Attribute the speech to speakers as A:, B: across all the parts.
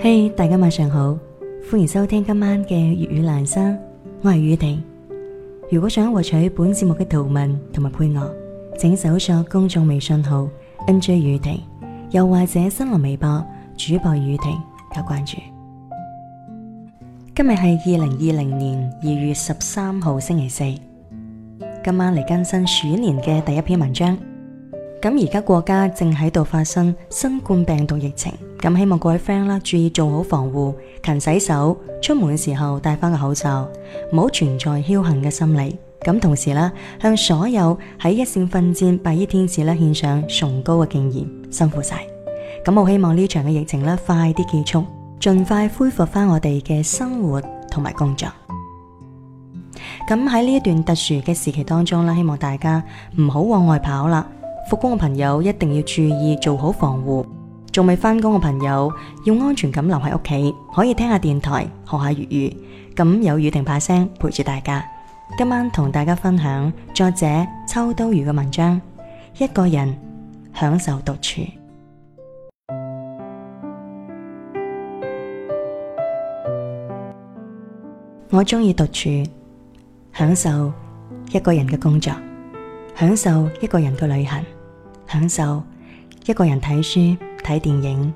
A: 嘿，hey，大家晚上好，歡迎收聽今晚嘅粵語蘭生，我係宇婷。如果想獲取本節目嘅圖文同埋配樂，請搜索公眾微信號 NJ 宇婷，又或者新浪微博主播宇婷加關注。今日係二零二零年二月十三號星期四，今晚嚟更新鼠年嘅第一篇文章。咁而家國家正喺度發生新冠病毒疫情。咁希望各位 friend 啦，注意做好防護，勤洗手，出門嘅時候戴翻個口罩，唔好存在僥倖嘅心理。咁同時啦，向所有喺一線奮戰白衣天使啦，獻上崇高嘅敬意，辛苦晒。咁我希望呢場嘅疫情啦，快啲結束，盡快恢復翻我哋嘅生活同埋工作。咁喺呢一段特殊嘅時期當中啦，希望大家唔好往外跑啦，復工嘅朋友一定要注意做好防護。仲未翻工嘅朋友，要安全感留喺屋企，可以聽下電台，學下粵語。咁有宇婷把聲陪住大家。今晚同大家分享作者秋刀魚嘅文章《一個人享受獨處》。 我中意獨處，享受一個人嘅工作，享受一個人嘅旅行，享受一個人睇書。睇電影，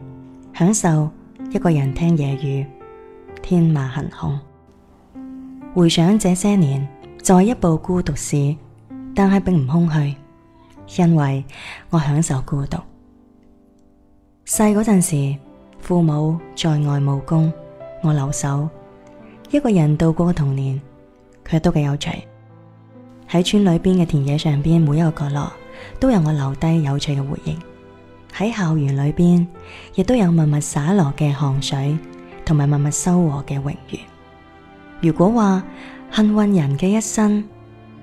A: 享受一個人聽夜雨，天馬行空。回想這些年，在一部孤獨史，但係並唔空虛，因為我享受孤獨。細嗰陣時，父母在外務工，我留守，一個人度過童年，佢都幾有趣。喺村裏邊嘅田野上邊，每一個角落都有我留低有趣嘅回憶。喺校園裏邊，亦都有默默灑落嘅汗水，同埋默默收穫嘅榮譽。如果話幸運人嘅一生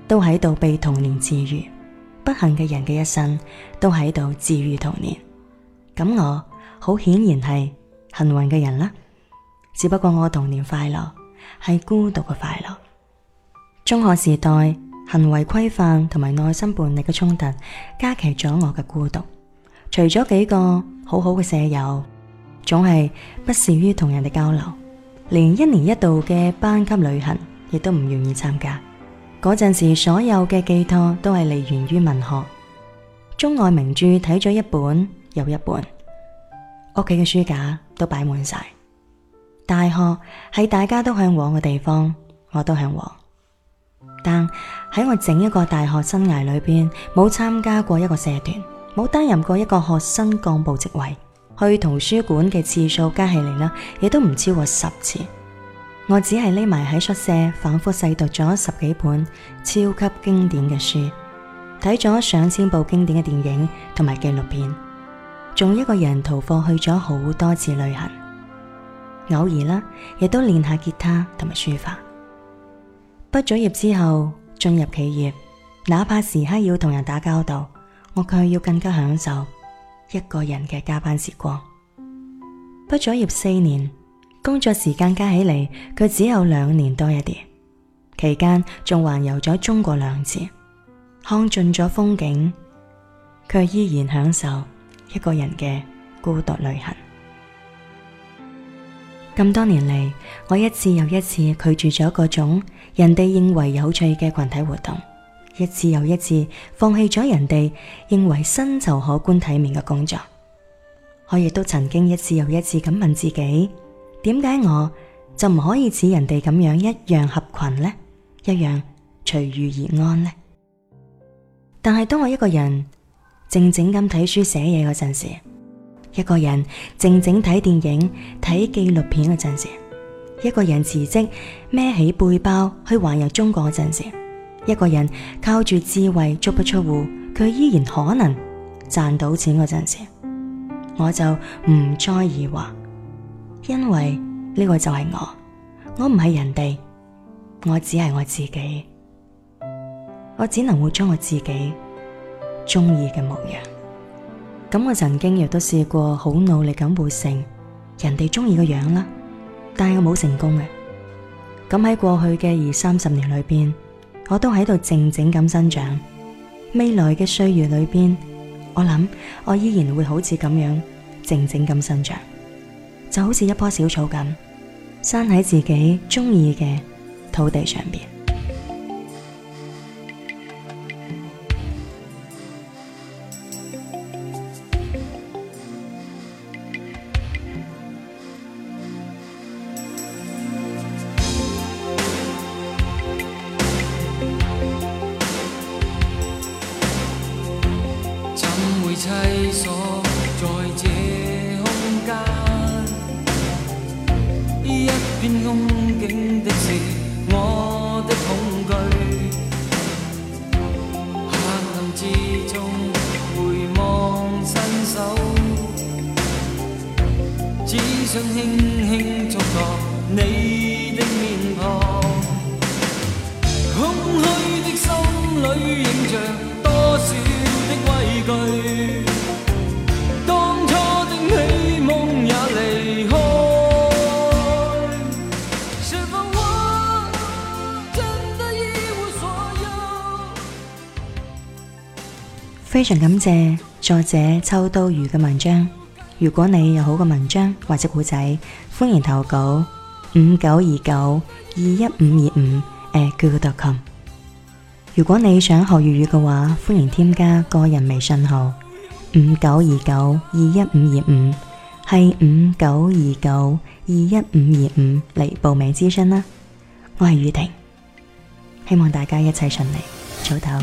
A: 都喺度被童年治癒，不幸嘅人嘅一生都喺度治癒童年，咁我好顯然係幸運嘅人啦。只不過我童年快樂係孤獨嘅快樂，中學時代行為規範同埋內心叛逆嘅衝突加，加劇咗我嘅孤獨。除咗幾個好好嘅舍友，總係不善於同人哋交流，連一年一度嘅班級旅行亦都唔願意參加。嗰陣時，所有嘅寄託都係嚟源於文學，中外名著睇咗一本又一本，屋企嘅書架都擺滿晒。大學係大家都向往嘅地方，我都向往，但喺我整一個大學生涯裏邊，冇參加過一個社團。冇擔任過一個學生幹部職位，去圖書館嘅次數加起嚟啦，亦都唔超過十次。我只係匿埋喺宿舍，反覆細讀咗十幾本超級經典嘅書，睇咗上千部經典嘅電影同埋紀錄片，仲一個人逃課去咗好多次旅行。偶爾啦，亦都練下吉他同埋書法。畢咗業之後，進入企業，哪怕時刻要同人打交道。我卻要更加享受一個人嘅加班時光。畢咗業四年，工作時間加起嚟，佢只有兩年多一啲，期間仲環遊咗中國兩次，看盡咗風景，卻依然享受一個人嘅孤獨旅行。咁多年嚟，我一次又一次拒絕咗各種人哋認為有趣嘅群體活動。一次又一次放棄咗人哋認為薪酬可觀、體面嘅工作，我亦都曾經一次又一次咁問自己：點解我就唔可以似人哋咁樣一樣合群呢？一樣隨遇而安呢？但係當我一個人靜靜咁睇書寫嘢嗰陣時，一個人靜靜睇電影、睇紀錄片嗰陣時，一個人辭職孭起背包去環遊中國嗰陣時。一個人靠住智慧足不出戶，佢依然可能賺到錢嗰陣時，我就唔再疑惑，因為呢個就係我，我唔係人哋，我只係我自己，我只能活出我自己中意嘅模樣。咁我曾經亦都試過好努力咁活成人哋中意嘅樣啦，但係我冇成功嘅。咁喺過去嘅二三十年裏邊，我都喺度靜靜咁生長，未來嘅歲月裏邊，我諗我依然會好似咁樣靜靜咁生長，就好似一棵小草咁，生喺自己中意嘅土地上面。
B: 一片空景的是我的恐懼，黑暗之中回望伸手，只想輕輕觸碰你的面龐，空虛的心裡映着多少的畏懼。
A: 非常感謝作者秋刀魚嘅文章。如果你有好嘅文章或者古仔，歡迎投稿五九二九二一五二五誒 QQ.com。如果你想學粵語嘅話，歡迎添加個人微信號五九二九二一五二五。係五九二九二一五二五嚟報名諮詢啦，我係宇婷，希望大家一切順利，早
B: 唞。